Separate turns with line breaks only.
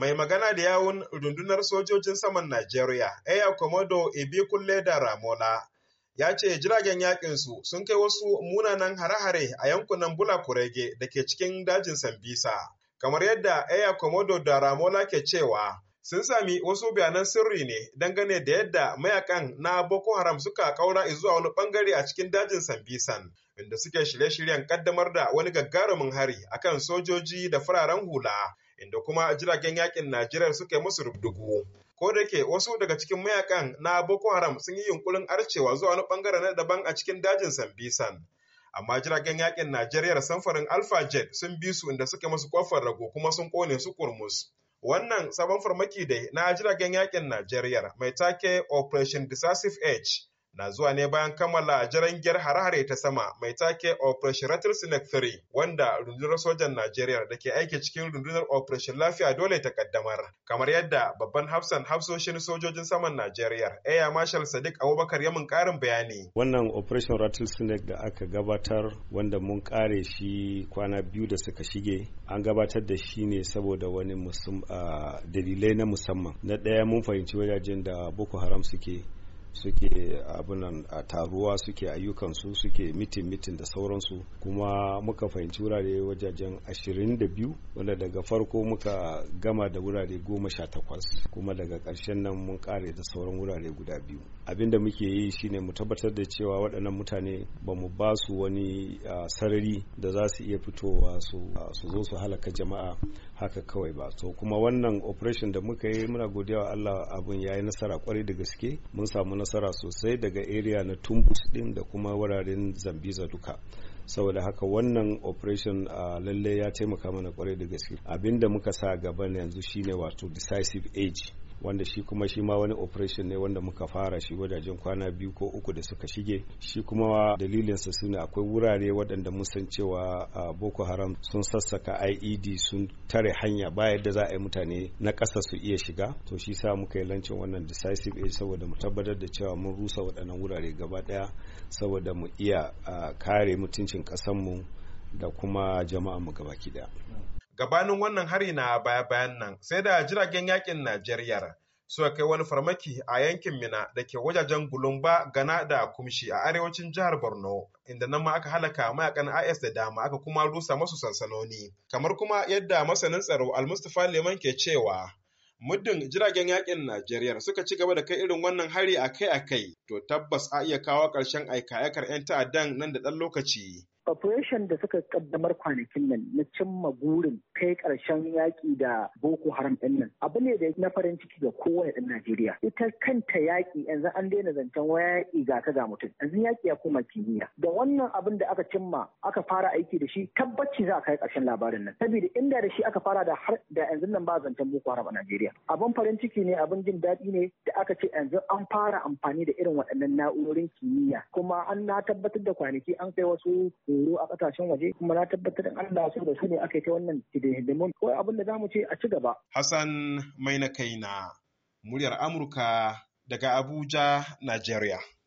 mai magana da yawun rundunar sojojin saman Najeriya, Aya Komodo Ibikunle da Ramola, ya ce jiragen yakinsu sun kai wasu munanan hare-hare a yankunan Bula Kurege da ke cikin dajin Sambisa. Kamar yadda Aya Komodo da Ramola ke cewa, sun sami wasu bayanan sirri ne dangane da yadda mayakan na Boko Haram suka kaura zuwa wani bangare a cikin dajin Sambisan, inda suke shirye-shiryen kaddamar da wani gagarumin hari akan sojoji da fararen hula inda kuma jiragen yakin Najeriya suka yi musu rubdugu. Ko da ke wasu daga cikin mayakan na Boko Haram sun yi yunkurin arcewa zuwa wani bangare na daban a cikin dajin Sambisan. Amma jiragen yakin Najeriya samfarin Alpha Jet sun bi su inda suka musu kofar rago kuma sun kone su kurmus. Wannan sabon farmaki dai na jiragen yakin Najeriya mai take Operation Decisive Edge na zuwa ne bayan kammala jarangiyar hare-hare ta sama mai take Operation Rattlesnake 3 wanda rundunar sojan Najeriya da ke aiki cikin rundunar Operation Lafiya dole ta kaddamar. Kamar yadda babban hafsan hafsoshin sojojin saman Najeriya Air Marshal Sadiq Abubakar yamin karin bayani.
Wannan Operation Rattlesnake da aka gabatar wanda mun kare shi kwana biyu da suka shige an gabatar da shi ne saboda wani dalilai na musamman. Na ɗaya mun fahimci wajajen da Boko Haram suke suke abunan a taruwa suke ayyukansu suke mitin mitin da sauransu kuma muka fahimci wurare wajajen 22 wanda daga farko muka gama da wurare 18 kuma daga ƙarshen nan mun kare da sauran wurare guda biyu abinda muke yi shine mu tabbatar da cewa waɗannan mutane ba mu ba su wani sarari da za su iya fitowa su zo su halaka jama'a haka kawai ba so kuma wannan operation da muka yi muna godiya Allah abun yayi nasara kwarai da gaske mun samu nasara sosai daga area na tumbus din da kuma wuraren zambiza duka saboda haka wannan operation a lalle ya taimaka mana kwarai da gaske abinda muka sa gaban yanzu shine wato decisive age wanda shi kuma shi ma wani operation ne wanda muka fara shi wajajen kwana biyu ko uku da suka shige shi kuma dalilinsa su ne akwai wurare waɗanda mun san cewa boko haram sun sassaka ied sun tare hanya ba yadda za a yi mutane na ƙasa su iya shiga to shi sa muka yi lancin wannan decisive aid saboda mu tabbatar da cewa mun rusa waɗannan wurare gaba ɗaya saboda mu iya kare mutuncin ƙasanmu da kuma jama'a mu gabaki ɗaya
gabanin wannan hari na baya-bayan nan sai da jiragen yakin Najeriya suka kai wani farmaki a yankin Mina da ke wajajen Gulumba, Gana da Kumshi a arewacin jihar Borno, inda nan ma aka halaka mayakan IS da dama aka kuma rusa masu sansanoni. Kamar kuma yadda masanin tsaro al Lemon Leman ke cewa muddin jiragen yakin Najeriya suka ci gaba da kai irin wannan hari akai-akai to tabbas a iya kawo ƙarshen aika-aikar 'yan ta'addan nan da ɗan lokaci.
operation da suka kaddamar kwanakin nan na cimma gurin kai karshen yaƙi da boko haram ɗin nan abu ne da na farin ciki ga kowane ɗan najeriya ita kanta yaƙi yanzu an daina zancen waya yaƙi ga ka ga mutum yanzu yaƙi ya koma kimiyya da wannan abin da aka cimma aka fara aiki da shi tabbaci za a kai karshen labarin nan saboda inda da shi aka fara da har da yanzu nan ba zancen boko haram a najeriya abin farin ciki ne abin jin daɗi ne da aka ce yanzu an fara amfani da irin waɗannan na'urorin kimiyya kuma an na tabbatar da kwanaki an kai wasu tsoro a kasashen waje kuma na tabbatar da Allah so da su ne aka ta wannan hidimun ko abin da zamu ce a ci gaba
Hassan mai na kaina muryar Amurka daga Abuja Nigeria